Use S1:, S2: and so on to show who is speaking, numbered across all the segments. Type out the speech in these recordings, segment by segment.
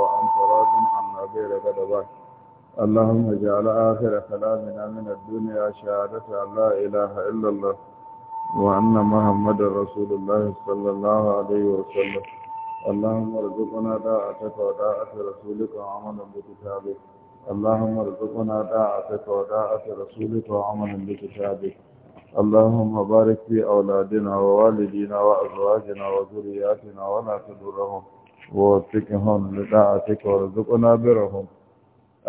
S1: وأنت راض عنا غير غضبان اللهم اجعل آخر كلامنا من الدنيا شهادة أن لا إله إلا الله وأن محمد رسول الله صلى الله عليه وسلم اللهم ارزقنا طاعتك وطاعة رسولك وعملا بكتابك اللهم ارزقنا طاعتك وطاعة رسولك وعملا بكتابك اللهم بارك في أولادنا ووالدينا وأزواجنا وذرياتنا ولا تضرهم ووفقهم لطاعتك وارزقنا برهم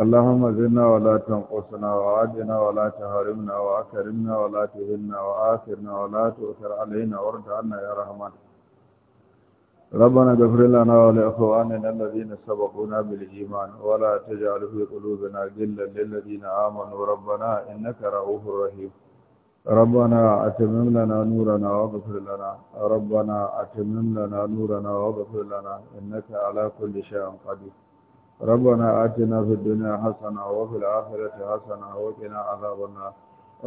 S1: اللهم زدنا ولا تنقصنا وعدنا ولا تهرمنا وأكرمنا ولا تهنا وآثرنا ولا تؤثر علينا وارد عنا يا رحمن ربنا اغفر لنا ولإخواننا الذين سبقونا بالإيمان ولا تجعل في قلوبنا غلا للذين آمنوا ربنا إنك رؤوف رحيم ربنا أتمم لنا نورنا واغفر لنا ربنا أتمم لنا نورنا واغفر لنا إنك على كل شيء قدير ربنا آتنا في الدنيا حسنة وفي الآخرة حسنة وقنا عذاب النار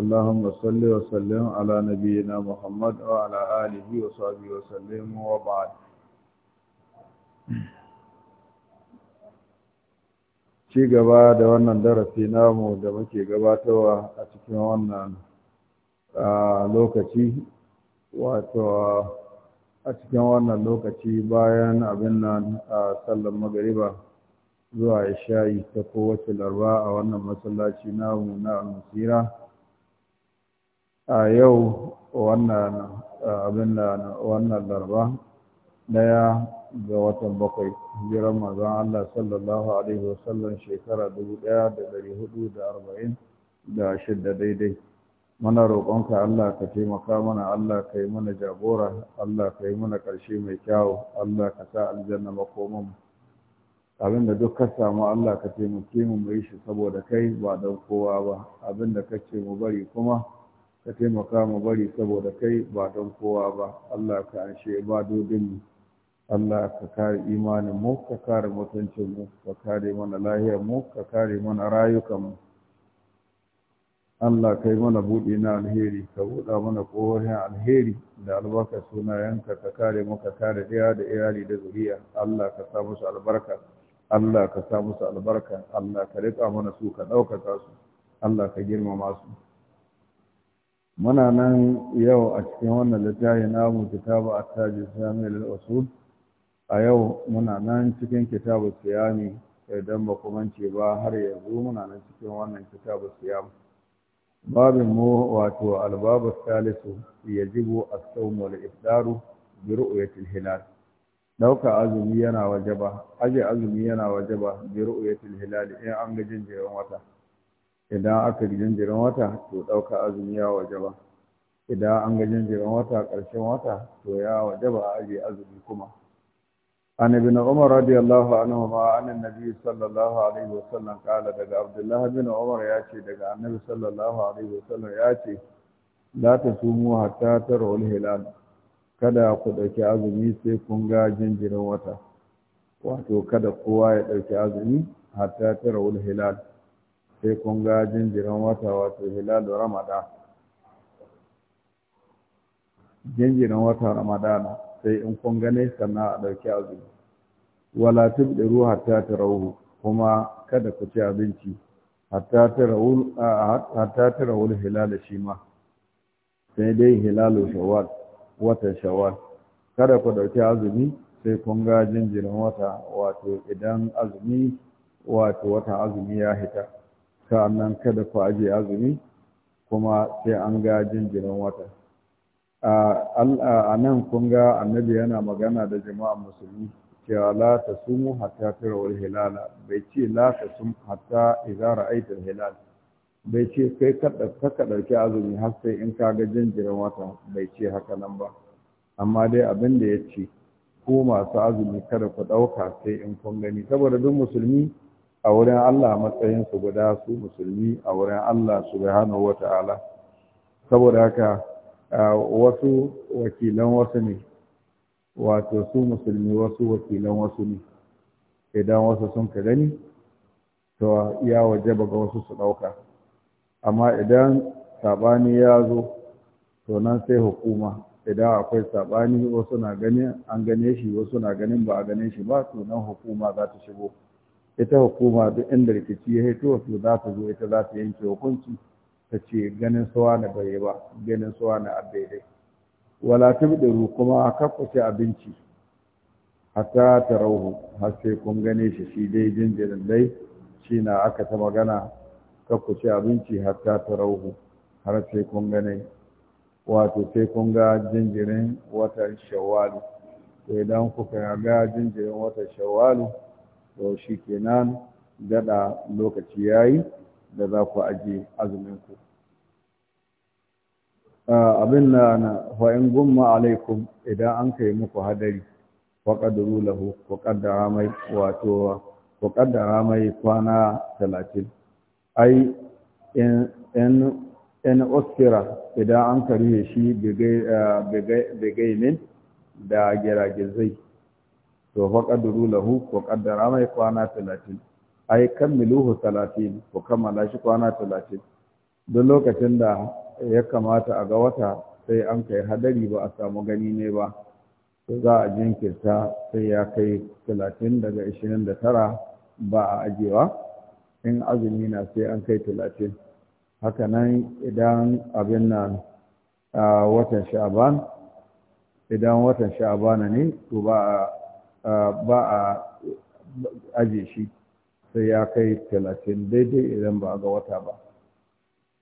S1: اللهم صل وسلم على نبينا محمد وعلى آله وصحبه وسلم وبعد ci gaba da wannan darasi namu da muke gabatarwa a cikin wannan a lokaci wato a cikin wannan lokaci bayan abin nan a sallar magariba zuwa isha'i ta kowace larba a wannan masallaci namu na almusira a yau wannan abin da wannan larba daya ga watan bakwai jiran mazan Allah sallallahu alaihi wasallam shekara dubu ɗaya da ɗari hudu da arba'in da shidda daidai muna roƙonka Allah ka taimaka mana Allah ka yi mana jagora Allah ka yi mana ƙarshe mai kyawu Allah ka sa aljanna makomin abin da duk ka samu Allah ka taimake mu mai shi saboda kai ba don kowa ba abin da ka ce mu bari kuma ka taimaka mu bari saboda kai ba don kowa ba Allah ka anshe ibadodin mu Allah ka kare imanin mu ka kare mutuncin mu ka kare mana lahiyar mu ka kare mana rayukan mu Allah kai mana buɗe na alheri ka buɗa mana ƙorin alheri da albarka sunayenka ka kare muka kare ɗaya da iyali da zuriya Allah ka sa musu albarka Allah ka sa musu albarka Allah ka riƙa mana su ka ɗaukaka su Allah ka girmama su muna nan yau a cikin wannan littafi namu kitabu at-tajid sami'ul usul a yau muna nan cikin kitabu siyami idan ba kuma ce ba har yanzu muna nan cikin wannan kitabu siyami babin mu wato albabu salisu yajibu as-sawm wal ifdaru bi ru'yatil hilal dauka azumi yana wajaba aje azumi yana wajaba bi ru'yatil hilal in an ga jinjirin wata idan aka ga jinjirin wata to dauka azumi ya wajaba idan an ga jinjirin wata ƙarshen wata to ya wajaba aje azumi kuma عن ابن عمر رضي الله عنهما عن النبي صلى الله عليه وسلم قال دغ عبد الله بن عمر ياتي دغ النبي صلى الله عليه وسلم ياتي لا تصوموا حتى تروا الهلال kada ku dauki azumi sai kun ga jinjirin wata wato kada kowa ya dauki azumi hatta tarawul hilal sai kun ga jinjirin wata wato hilal ramadan jinjirin wata ramadana sai in kun gane sannan a ɗauki azumi wala ruwa hatta tarawu kuma kada ku ci abinci hatta tarawu hatta tarawu shi ma sai dai hilalu shawar, watan shawar. kada ku ɗauki azumi sai kun ga jinjirin wata wato idan azumi wato watan azumi ya hita sa'annan kada ku ajiye azumi kuma sai an ga jinjirin wata a nan kun ga annabi yana magana da jama'a musulmi cewa la ta sumu hatta wal hilala bai ce la ta sum hatta izara aitar hilal bai ce kai ka ɗauki azumi har sai in ka ga jinjirin wata bai ce haka nan ba amma dai abin da ya ce ko masu azumi kada ku ɗauka sai in kun gani saboda duk musulmi a wurin Allah matsayinsu guda su musulmi a wurin Allah subhanahu wata'ala saboda haka wasu wakilan wasu ne wato su musulmi wasu wakilan wasu ne idan wasu sun ka gani to ya wajaba ga wasu su ɗauka amma idan saɓani ya zo to nan sai hukuma idan akwai saɓani wasu na ganin an gane shi wasu na ganin ba a gane shi ba to nan hukuma za ta shigo ita hukuma duk inda rikici ya hito to za ta zo ita za ta yanke hukunci ta ce ganin sawa na bai ba ganin sawa na abdaidai wala kuma kakkuce abinci hatta rauhu har sai kun gane shi shi dai jinjirin dai shi na aka ta magana kakkuce abinci hatta rauhu har sai kun gane wato sai kun ga jinjirin watan shawalu to idan kuka ga jinjirin watan shawalu to shi kenan daɗa lokaci yayi da za ku ajiye ku. Ah, abin na fa'in gumma alaikum idan an kai muku hadari faƙaduru lahu ku ƙaddara mai wato ku ƙaddara mai kwana talatin ai in uskira idan an karye shi bigaimin ah, da giragizai to faƙaduru lahu ku ƙaddara mai kwana talatin ai kammiluhu talatin ku kammala shi kwana talatin don lokacin da ya kamata a ga wata sai an kai hadari ba a samu gani ne ba to za a jinkirta sai ya kai talatin daga ishirin da tara ba a ajewa in azumi na sai an kai talatin haka nan idan abin nan a watan sha'aban idan watan sha'abana ne to ba a aje shi sai ya kai talatin daidai idan ba a ga wata ba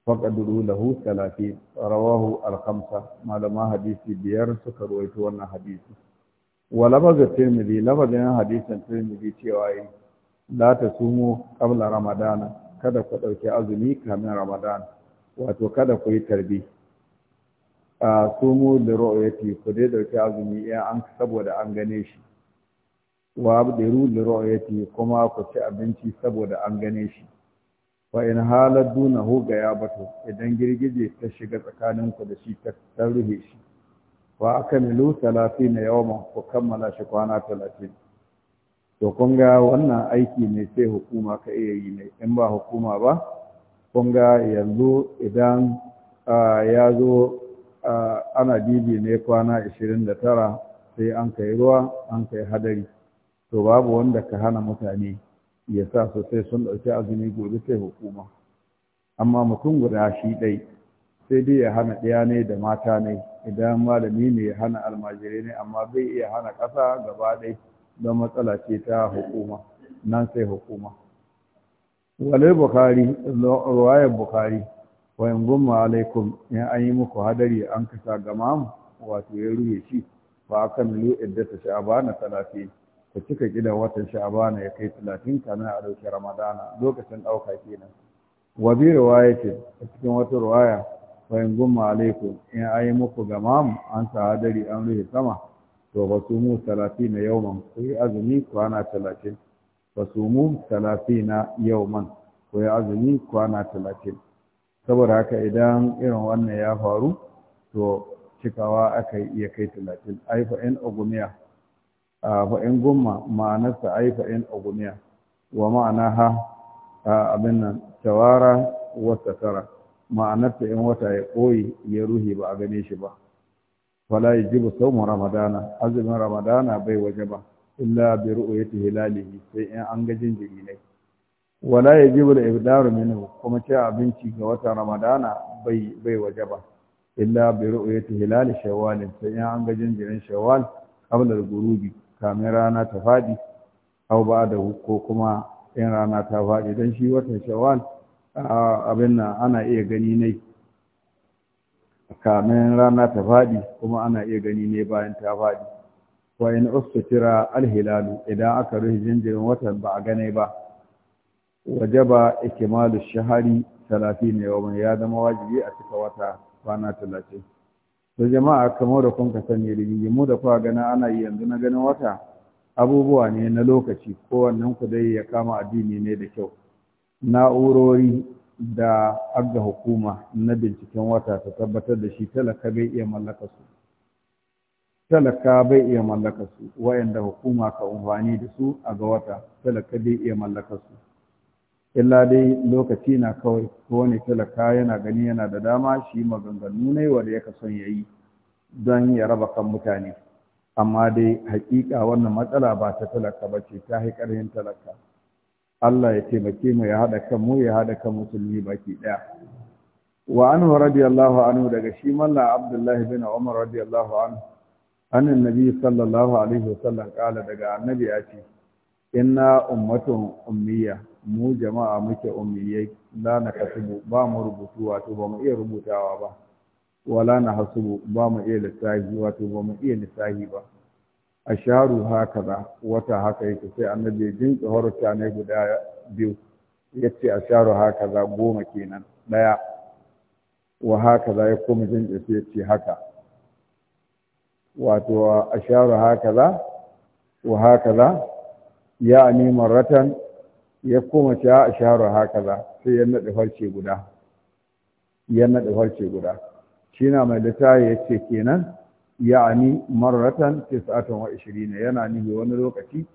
S1: faƙaduru lahu talafi rawahu alkamsa malama hadisi biyar suka rawaito wannan hadisi wa lafazin tirmidhi lafazin hadisin tirmidhi cewa yi la ta sumo qabla ramadana kada ku ɗauki azumi kamin ramadana wato kada ku yi tarbi a sumo da ru'yati ku dai ɗauki azumi ya an saboda an gane shi wa abdiru li ru'yati kuma ku ci abinci saboda an gane shi wa in halar hu ga ya bato idan girgije ta shiga tsakanin ku da shi ta ruhe shi wa aka milu talatin na yawan ku kammala shi kwana talatin to kun ga wannan aiki ne sai hukuma ka iya yi ne in ba hukuma ba kun ga yanzu idan ya zo ana bibi ne kwana 29 sai an kai ruwa an kai hadari to babu wanda ka hana mutane ya sa su sai sun ɗauki azumi gobe sai hukuma amma mutum guda shi ɗai sai dai ya hana ɗaya ne da mata ne idan malami ne ya hana almajirai ne amma bai iya hana ƙasa gaba ɗai don matsala ce ta hukuma nan sai hukuma wale bukari ruwayar bukari wa in gumma alaikum in an yi muku hadari an kasa gama wato ya ruhe shi Ba fa akan lu'idda ta ba na talafi Ka cika gidan watan sha'abana ya kai talatin kana a ɗauki ramadana lokacin ɗauka kenan wa bi ce, a cikin wata riwaya fa in gumma alaikum in ayi muku gamam an ta hadari an rufe sama to ba su mu talatin na yauman ku yi azumi kwana talatin ba su mu talatin na yauman ku yi azumi kwana talatin saboda haka idan irin wannan ya faru to cikawa aka iya kai talatin ai fa in ugumiya fa in gumma ma'anarsa ai fa in ugumiya wa ma'anaha abin nan tawara wa tara ma'anarta in wata ya koyi ya ruhi ba a gane shi ba fala yajibu ramadana azumin ramadana bai waje ba illa bi ru'yati hilalihi sai in an ga ne wala yajibu al-ibdaru minhu kuma ce abinci ga wata ramadana bai waje ba illa bi ru'yati hilal shawwal sai in an ga jinjirin shawal qabla gurubi kamin rana ta faɗi au ba da ko kuma in rana ta faɗi don shi watan shawal abin nan ana iya gani ne kamin rana ta faɗi kuma ana iya gani ne bayan ta faɗi wa in ustatira alhilalu idan aka rufe jinjirin watan ba a gane ba wajaba ikimalu shahari talatin ne wa ya zama wajibi a cika wata kwana talatin da jama'a kamar da kun ka sani rigimu da kuwa gana ana yi yanzu na ganin wata abubuwa ne na lokaci ko wannan ku dai ya kama addini ne da kyau na'urori da agga hukuma na binciken wata ta tabbatar da shi talaka bai iya mallaka su talaka bai iya mallaka su wayanda hukuma ka umfani da su a ga wata talaka bai iya mallaka su illa dai lokaci na kawai ko wani talaka yana gani yana da dama shi maganganu ne wanda yaka son yayi don ya raba kan mutane amma dai hakika wannan matsala ba ta talaka ba ce ta haikarin talaka Allah ya taimake mu ya haɗa kan mu ya haɗa kan musulmi baki ɗaya wa anhu radiyallahu anhu daga shi malla abdullahi bin umar radiyallahu anhu annan nabi sallallahu alaihi wasallam kala daga annabi ya ce inna ummatun ummiya mu jama'a muke ummiyai la na kasubu ba mu rubutu wato ba mu iya rubutawa ba wala na hasubu ba mu iya lissahi wato ba mu iya lissahi ba a sharu haka da wata haka yake sai annabi jin tsohorta ne guda biyu ya ce a sharu haka za goma kenan ɗaya wa haka za ya kuma jin tsohorta ya ce haka wato a sharu haka za wa haka za ya ani ratan. ya koma cewa a shaharu haka za sai ya naɗa farce guda ya naɗa farce guda shi na mai littafi ya ce kenan ya'ani marratan tis'atan wa na yana nihi wani lokaci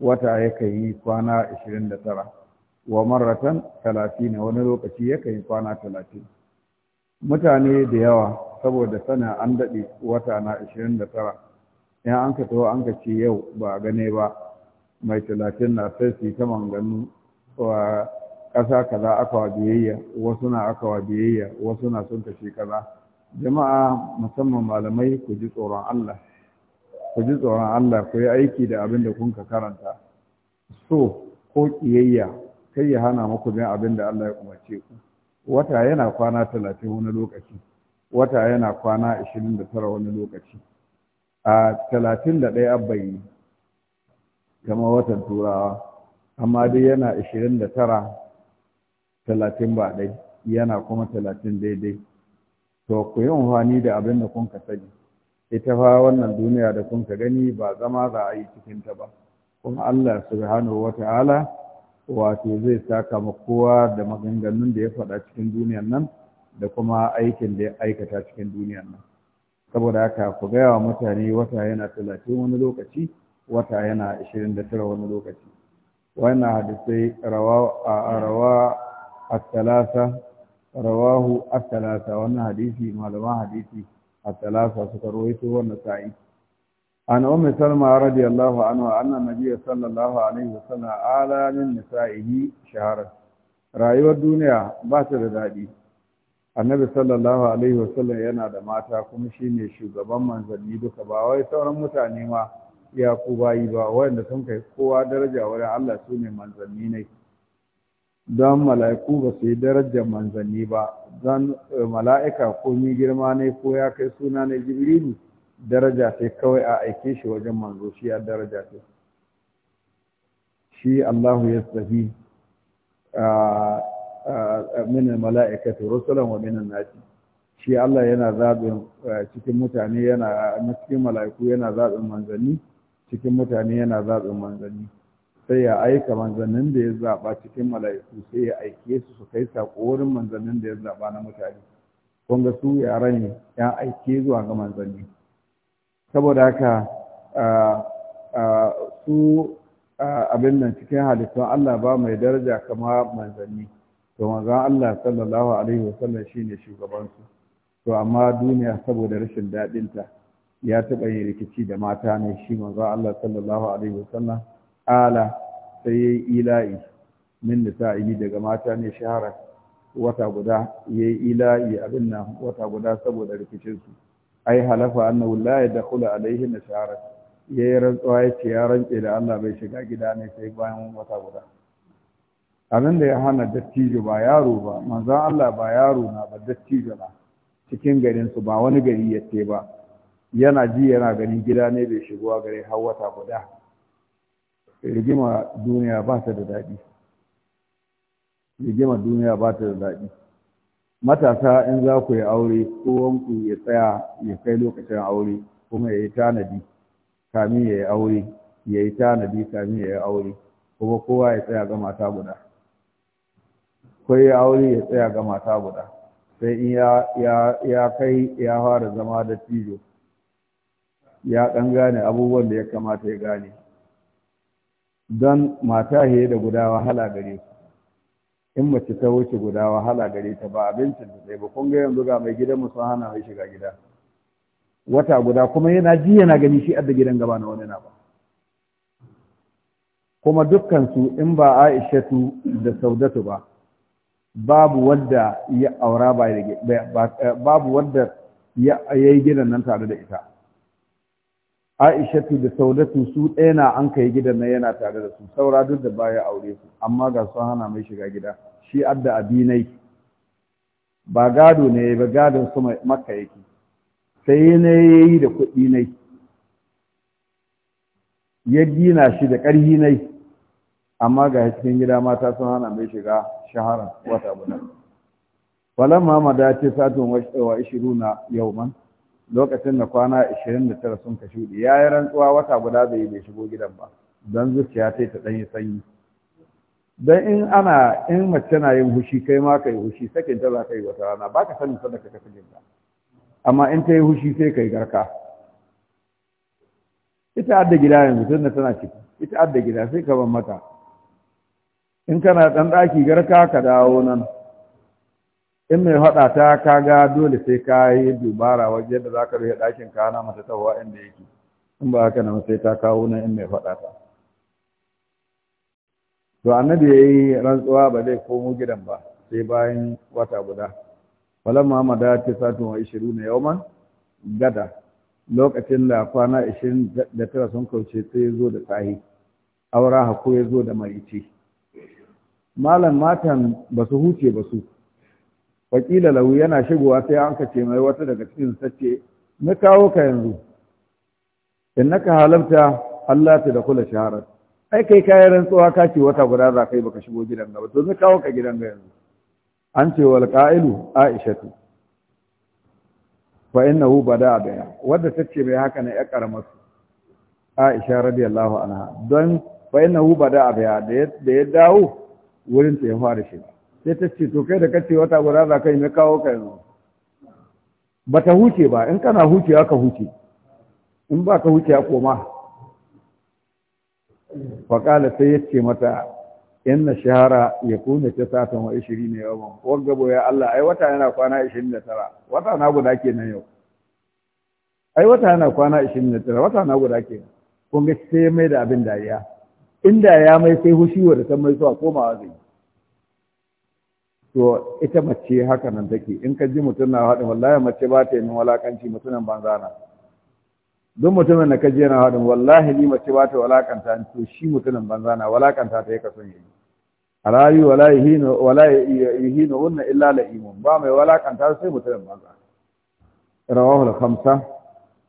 S1: wata yakan yi kwana ishirin da tara wa marratan talatin wani lokaci yakan yi kwana talatin mutane da yawa saboda sana an daɗe wata na ishirin da tara in an ka taho an ka ce yau ba gane ba mai talatin na sai su yi ta manganu wa ƙasa kaza aka wa biyayya wasu na aka wa biyayya wasu na sun kashe kaza jama'a musamman malamai ku ji tsoron Allah ku ji tsoron Allah ku yi aiki da abin da kun ka karanta so ko ƙiyayya kai ya hana muku bin abin da Allah ya umarce ku wata yana kwana talatin wani lokaci wata yana kwana ashirin da tara wani lokaci a talatin da ɗaya abbayi kamar watan turawa amma dai yana 29 tara ba dai yana kuma talatin daidai to ku yi amfani da abin da kun ka sani ita fa wannan duniya da kun ka gani ba zama za a yi cikin ta ba kuma Allah subhanahu ta'ala wato zai saka ma kowa da maganganun da ya faɗa cikin duniyan nan da kuma aikin da ya aikata cikin duniyan nan saboda haka ku gaya wa mutane wata yana talatin wani lokaci wata yana 29 wani lokaci wannan hadisai rawa a talasa rawahu a talasa wannan hadisi malaman hadisi a talasa suka rawaito wannan sa'i an umar salma radiyallahu anha annan nabiyyi sallallahu alaihi wasallam ala min nisa'ihi shahara rayuwar duniya ba ta da daɗi annabi sallallahu alaihi wasallam yana da mata kuma shine shugaban manzanni duka ba wai sauran mutane ma ya ku bayi ba waɗanda sun kai kowa daraja wurin Allah su ne manzanni ne don mala'iku ba su yi daraja manzanni ba don eh, mala'ika ko ni girma ne ko ya kai suna ne jibrilu daraja sai kawai a aike shi wajen manzo shi ya daraja sai shi Allah ya tsafi min ta, rusulan wa min nasi shi Allah yana zaɓin eh, cikin mutane yana cikin mala'iku yana zaɓin manzanni cikin mutane yana zaɓin manzanni sai ya aika manzannin da ya zaɓa cikin mala'iku sai ya aike su su kai saƙo wurin manzannin da ya zaɓa na mutane kun ga su yaran ne ya aike zuwa ga manzanni saboda haka su abin nan cikin halittun Allah ba mai daraja kama manzanni to manzan Allah sallallahu alaihi wasallam shine shugabansu to amma duniya saboda rashin daɗinta ya taɓa yin rikici da mata ne shi manzo Allah sallallahu alaihi wasallam ala sai yayi ila'i min yi daga mata ne shahara wata guda yayi ila'i abin nan wata guda saboda rikicin su ai halafa annahu la yadkhulu alaihi na shahara yayi rantsuwa yace ya rantse da Allah bai shiga gida ne sai bayan wata guda abin da ya hana dattijo ba yaro ba manzo Allah ba yaro na ba dattijo na cikin garin su ba wani gari yace ba yana ji yana gani gida ne bai shigowa gare har wata guda rigima duniya ba ta da daɗi rigima duniya ba ta da daɗi matasa in za ku yi aure kowanku ya tsaya ya kai lokacin aure kuma ya yi tanadi kamin ya yi aure ya yi tanadi kamin ya yi aure kuma kowa ya tsaya ga mata guda ko ya aure ya tsaya ga mata guda sai in ya kai ya fara zama da tijo ya ɗan gane abubuwan da ya kamata ya gane don mata ya da guda wahala gare su in mace ta wuce guda wahala gare ta ba abincin da tsaye ba kun ga yanzu ga mai gidan sun hana mai shiga gida wata guda kuma yana ji yana gani shi adda gidan gaba na wani na ba kuma dukkansu in ba aishatu da saudatu ba babu wadda ya aura ba ya yi gidan nan tare da ita aishatu da saudatu su ɗaya na an kai gidan nan yana tare da su saura duk da baya aure su amma ga su hana mai shiga gida shi adda abinai ba gado ne ba gadon su makka yake sai ne yayi da kuɗi ne ya dina shi da ƙarhi ne amma ga cikin gida mata sun hana mai shiga shahara wata guda falamma da ce satun wa 20 yauman lokacin da kwana 29 sun ka shuɗe ya yi rantsuwa wata guda bai bai shigo gidan ba don zuciya ta ta ɗanyi sanyi don in ana in mace na yin hushi kai ma ka yi hushi sakin ta za ka yi wata rana ba ka sanin sadaka ka kasa jinta. amma in ta yi hushi sai ka yi garka ita adda gida yanzu tun da tana ciki ita adda gida sai ka ban mata in kana ɗan ɗaki garka ka dawo nan in mai haɗa ta ga dole sai ka yi dubara wajen da za ka rufe ɗakin ka hana mata tawa inda yake in ba haka nan sai ta kawo nan in mai faɗa ta to annabi ya yi rantsuwa ba zai komo gidan ba sai bayan wata guda walan muhammada ta satun wa ishiru na man gada lokacin da kwana ishirin da tara sun kauce sai ya zo da sahi aura hako ya zo da marici malam matan ba su huce ba su faƙila lau yana shigowa sai an ka ce mai wata daga cikin sace na kawo ka yanzu In naka halarta Allah ta da kula shaharar ai kai kayan rantsuwa ka ce wata guda za kai baka shigo gidan ga to zai kawo ka gidan ga yanzu an ce wal qa'ilu aishatu fa innahu bada daya wanda tace mai haka ne ya su aisha radiyallahu anha don fa innahu bada daya da ya dawo wurin ta ya fara shiga sai ta ce to kai da kace wata guda za ka yi mai kawo ka yanzu ba ta huce ba in kana huce ka huce in ba ka huce koma faƙala sai ya ce mata na shahara ya kuna ta satan wa ishirin ne yawon wani gabo ya Allah ai wata yana kwana ishirin da tara wata na guda ke nan yau ai wata yana kwana ishirin da tara wata na guda ke kun ga sai mai da abin dariya in da ya mai sai hushiwa da san mai zuwa komawa zai to ita mace haka nan take in ka ji mutum na haɗin wallahi mace ba ta yi min walakanci mutumin banza na duk mutumin da ka ji yana haɗin wallahi ni mace ba ta walakanta ni to shi mutumin banza na walakanta ta yi ka son yi alayi wala hino, wunna illa imun ba mai walakanta sai mutumin banza rawahul Hamsa khamsa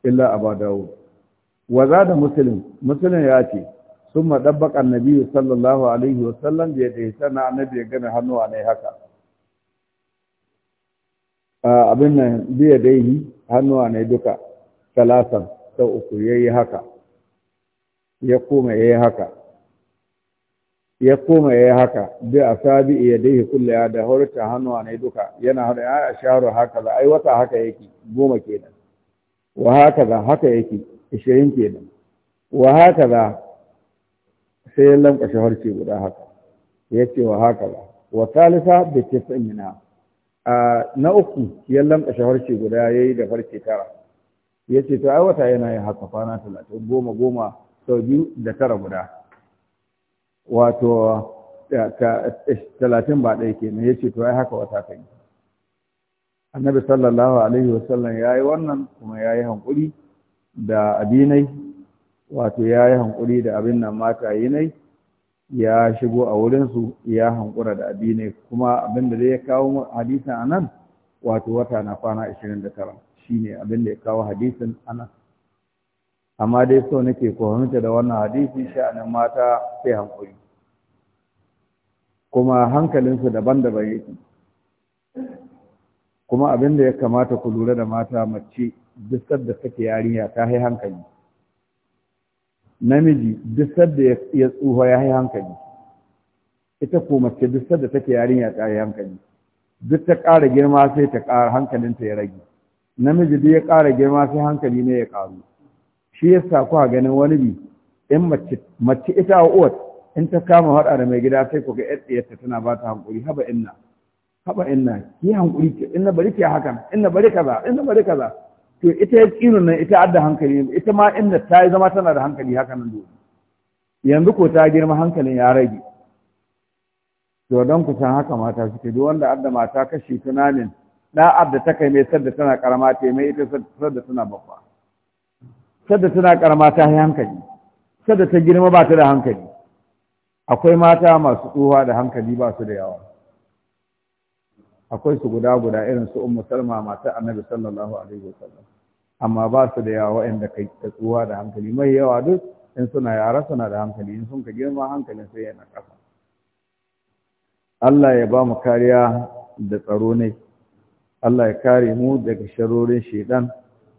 S1: illa aba dawud wa zada muslim muslim ya ce ثم دبق النبي صلى الله عليه وسلم بيده سنة النبي جنى hannuwa ne haka. abin nan biya daihi hannuwa ne duka talatan sau uku ya yi haka ya koma ya yi haka ya koma ya yi haka bi a sabi ya daihi kulle ya da horta hannuwa ne duka yana hada ya a shaharu haka za ai wata haka yake goma kenan wa haka za haka yake ishirin kenan wa haka za sai ya lankwashe harce guda haka ya ce wa haka za wa talisa da tisin mina na uku ya lamɗa harshe guda ya yi da farce tara ya ce to ai wata yana yin haka kwana talatin goma goma sau biyu da tara guda wato talatin ba ɗaya kenan ya ce to ai haka wata kan yi annabi sallallahu alaihi wasallam ya yi wannan kuma ya yi hankuri da abinai wato ya yi hankuri da abin nan mata yi nai ya shigo a wurinsu ya hankura da abi ne kuma abin da ya kawo a anan wato wata na kwana 29 ne abin da ya kawo hadisin anan amma dai so nake fahimta da wannan hadisi sha'anin mata sai hankuri kuma hankalinsu daban-daban yake kuma abin da ya kamata ku lura da mata mace duk da take yarinya ta hai hankali namiji duk sadda ya tsuha ya yi hankali ita ko mace duk sadda take yarinya ta yi hankali duk ta ƙara girma sai ta ƙara hankalinta ya rage namiji duk ya ƙara girma sai hankali ne ya ƙaru shi sa kuwa ganin wani bi in mace mace ita uwar in ta kama haɗa da mai gida sai kuka ga yadda tana ba ta hankuri haba inna haba inna ki hankuri ki inna bari ki hakan inna bari kaza inna bari kaza to ita ya ƙinu nan ita adda hankali ita ma inda ta yi zama tana da hankali haka nan dole yanzu ko ta girma hankalin ya rage to don ku san haka mata suke duk wanda adda mata kashi tunanin da adda ta kai mai sadda tana karama ta mai ita sadda tana babba sadda tana karama ta yi hankali sadda ta girma ba ta da hankali akwai mata masu tsohuwa da hankali ba su da yawa akwai su guda guda irin su ummu salma matar annabi sallallahu alaihi wasallam amma ba su da yawa waɗanda kai tsuwa da hankali mai yawa duk in suna yara suna da hankali in sun ka girma hankalin sai yana kafa Allah ya ba mu kariya da tsaro ne Allah ya kare mu daga sharorin shaidan,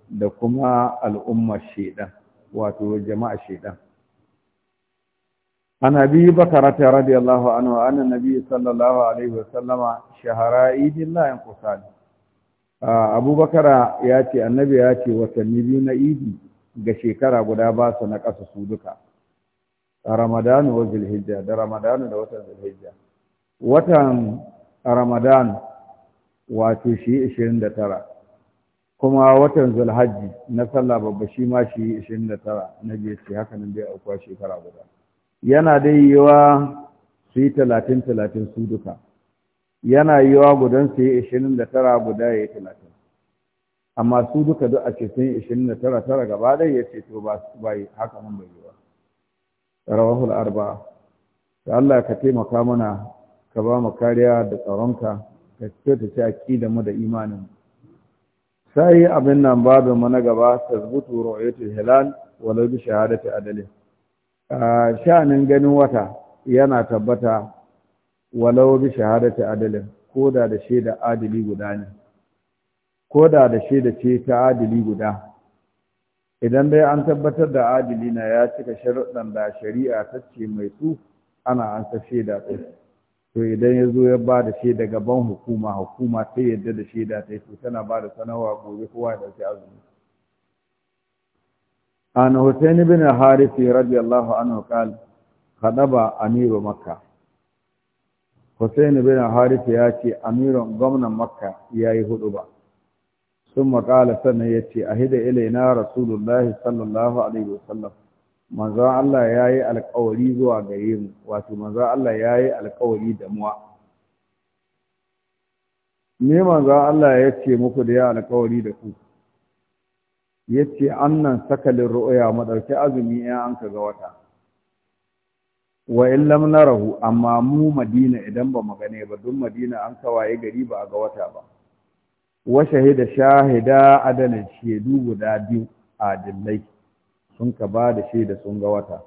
S1: da kuma al'ummar shaidan, wato jama'a shedan عن أبي بكرة رضي الله عنه أن النبي صلى الله عليه وسلم شهر عيد لا ينقصان أبو بكر ياتي النبي ياتي عيد ga shekara guda ba su na ƙasa su duka ramadanu wa zulhijja da ramadanu da watan zulhijja watan ramadan wato shi 29 kuma watan zulhajji na sallah babba shi ma shi 29 na biyu ce haka nan bai aukuwa shekara guda yana dai yiwa su yi talatin talatin su duka yana yiwa gudan su yi ishirin da tara guda ya yi talatin amma su duka duk a cikin ishirin da tara tara gaba dai ya ce to ba su bai haka nan bai yiwa rawahul arba ta Allah ka taimaka mana ka ba mu kariya da tsaronka ka ta aki da mu da imanin sai abin nan babu mu na gaba tasbutu ru'yatul hilal walau bi shahadati adalin sha'anin ganin wata yana tabbata walau bi shahadati adalin koda da shaida adili guda ne koda da shaida ce ta adili guda idan dai an tabbatar da adili na ya cika sharuɗan da shari'a ta ce mai su ana an ta shaida ɗin to idan ya zo ya ba da shaida gaban hukuma hukuma ta yadda da shaida ta yi to tana ba da sanarwa gobe kowa ya ke azumi عن husaini bin harifi رضي الله عنه قال amiru makka husaini bin harifi ya ce amiron gwamnan makka yayi hudu ba قال makala sannan ya ce رسول ilaina صلى sallallahu عليه وسلم manzon Allah ya yi zuwa gare mu wato manzon Allah ya yi da muwa ne manzon Allah ya ce muku da ya alƙawari da ku yace annan sakalin ru'ya mu azumi in an ka ga wata wa in lam narahu amma mu madina idan ba magane ba don madina an kawaye gari ba a ga wata ba wa shahida shahida adana shedu guda biyu adillai sun ka ba da shaida sun ga wata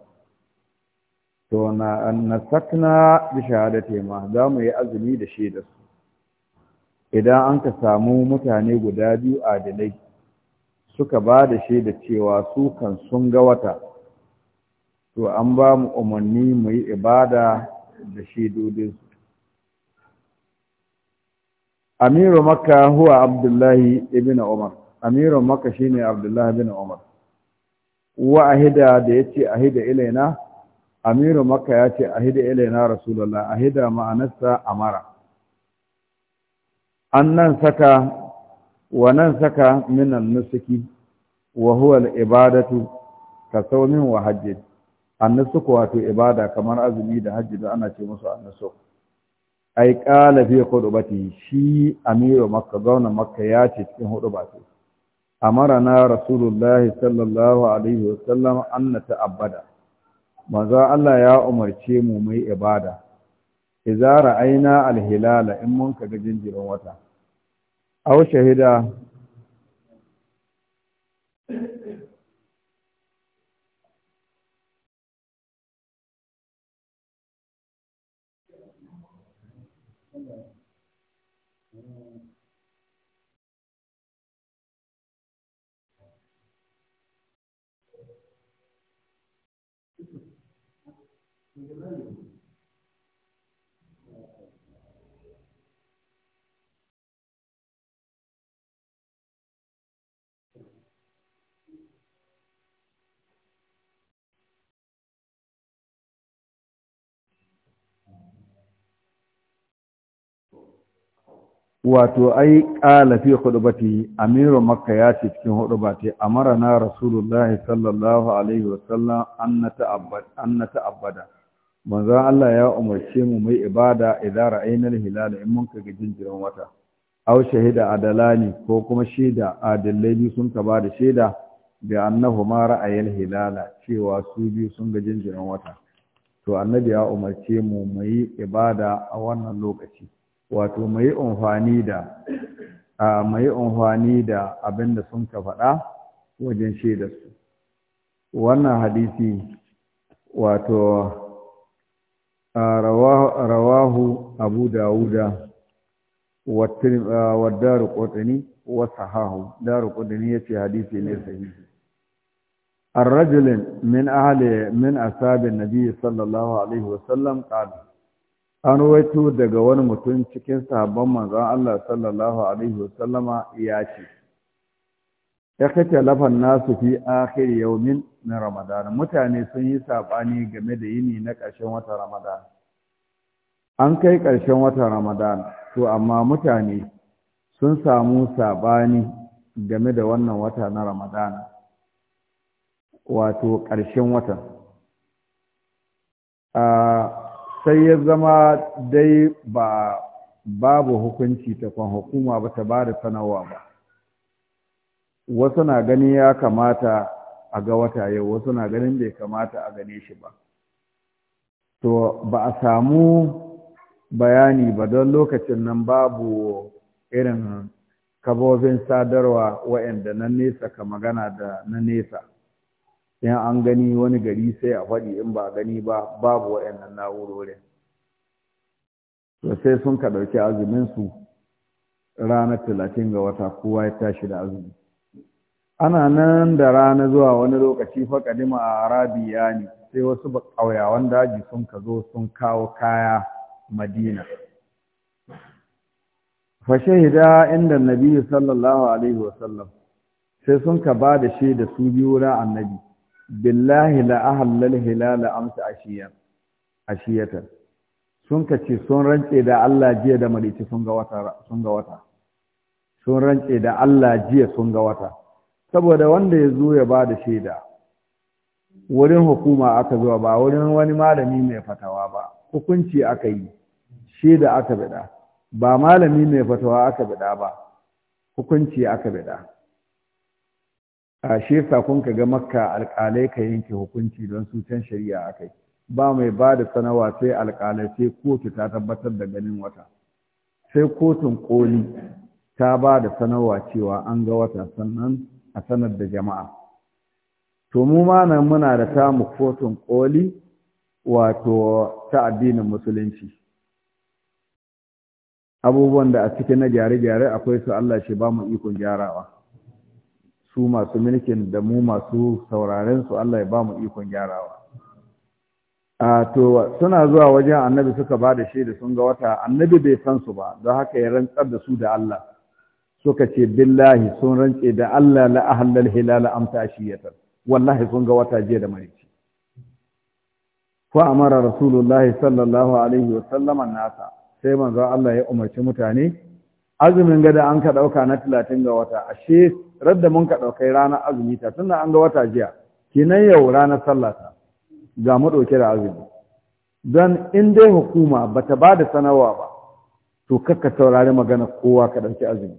S1: to na nasakna bi shahadati ma za mu yi azumi da shaida su idan an ka samu mutane guda biyu adilai suka ba da shi da cewa su kan sun ga wata to an ba mu umarni mu yi ibada da shi dudin amiru makka huwa abdullahi ibn umar amiru makka shine abdullahi ibn umar wa ahida da yace ahida ilaina amiru makka yace ahida ilaina rasulullah ahida ma'anarsa amara annan saka wa nan saka minan nusuki wa huwa al-ibadatu ka saumin wa hajji annusuku wato ibada kamar azumi da hajji da ana ce musu annusuk ai qala fi khudbati shi amiru makka zauna makka ya ce cikin hudubati amarana rasulullahi sallallahu alaihi wasallam an nata'abbada manzo Allah ya umarce mu mai ibada idza ra'ayna al-hilala in mun kaga jinjirin wata aw shahida Thank you. wato ai ƙala fi khutbati amiru makka ya ce cikin mara na rasulullahi sallallahu alaihi wasallam an na ta'abbada banza Allah ya umarci mu mai ibada idan ra'ainal hilal in mun kaga jinjirin wata Au shahida adalani ko kuma shaida adalai biyu sun ka bada shaida bi annahu ma ra'ayil hilala cewa su biyu sun ga jinjirin wata to annabi ya umarce mu mu ibada a wannan lokaci wato mai yi amfani da mu amfani da abin da sun ka faɗa wajen shaida su wannan hadisi wato rawahu abu dawuda wa daru qutni wa sahahu daru qutni yace hadisi ne sahihi الرجل من أهل من أصحاب النبي صلى الله عليه وسلم قال an ruwaito daga wani mutum cikin sahabban manzon Allah sallallahu alaihi wasallama ya ce lafan nasu fi akhir yawmin na ramadan mutane sun yi sabani game da yini na ƙarshen watan ramadan an kai ƙarshen watan ramadan to amma mutane sun samu sabani game da wannan wata na ramadan wato ƙarshen watan ah, sai ya zama dai ba babu hukunci ta kan hukuma ba ta bada da sanarwa ba wasu na gani ya kamata a ga wata yau wasu na ganin bai kamata a gane shi ba to ba a samu bayani ba don lokacin nan babu irin kabobin sadarwa waɗanda na nesa ka magana da na nesa in an gani wani gari sai a faɗi in ba gani ba babu waɗannan na'urorin Sosai sun ka ɗauki azumin su ranar talatin ga wata kowa ya tashi da azumi ana nan da rana zuwa wani lokaci faƙadima a arabiya ne sai wasu ƙauyawan daji sun ka zo sun kawo kaya madina hida inda nabi sallallahu alaihi wasallam sai sun ka ba da shaida su biyu na annabi billahi la ahallal hilala amsa ashiyan ashiyatan sun kace sun rance da Allah jiya da malici sun ga wata sun ga wata sun rance da Allah jiya sun ga wata saboda wanda ya zo ya bada shaida wurin hukuma aka zuwa ba wurin wani malami mai fatawa ba hukunci aka yi shaida aka bida ba malami mai fatawa aka bida ba hukunci aka bida a shi kun ka ga makka alƙalai ka yanke hukunci don su shari'a a kai. ba mai ba da sanawa sai alƙalai sai kotu ta tabbatar da ganin wata sai kotun koli ta ba da sanawa cewa an ga wata sannan a sanar da jama'a to mu ma nan muna da tamu kotun koli wato ta addinin musulunci abubuwan da a cikin na gyare-gyare akwai su Allah shi ba mu ikon gyarawa su masu mulkin da mu masu sauraren su Allah ya ba mu ikon gyarawa a to suna zuwa wajen annabi suka ba da shaida sun ga wata annabi bai san su ba don haka ya rantsar da su da Allah suka ce billahi sun rantse da Allah la ahlal hilal amta wallahi sun ga wata jiya da marici fa amara rasulullahi sallallahu alaihi wa sallam nasa sai manzo Allah ya umarci mutane azumin gada an ka dauka na 30 ga wata ashe radda mun ka ɗaukai ranar azumi ta tunda an ga wata jiya kenan yau ranar sallah ta ga mu ɗauke da azumi don in dai hukuma ba ta ba da sanarwa ba to kakka saurari magana kowa ka ɗauki azumi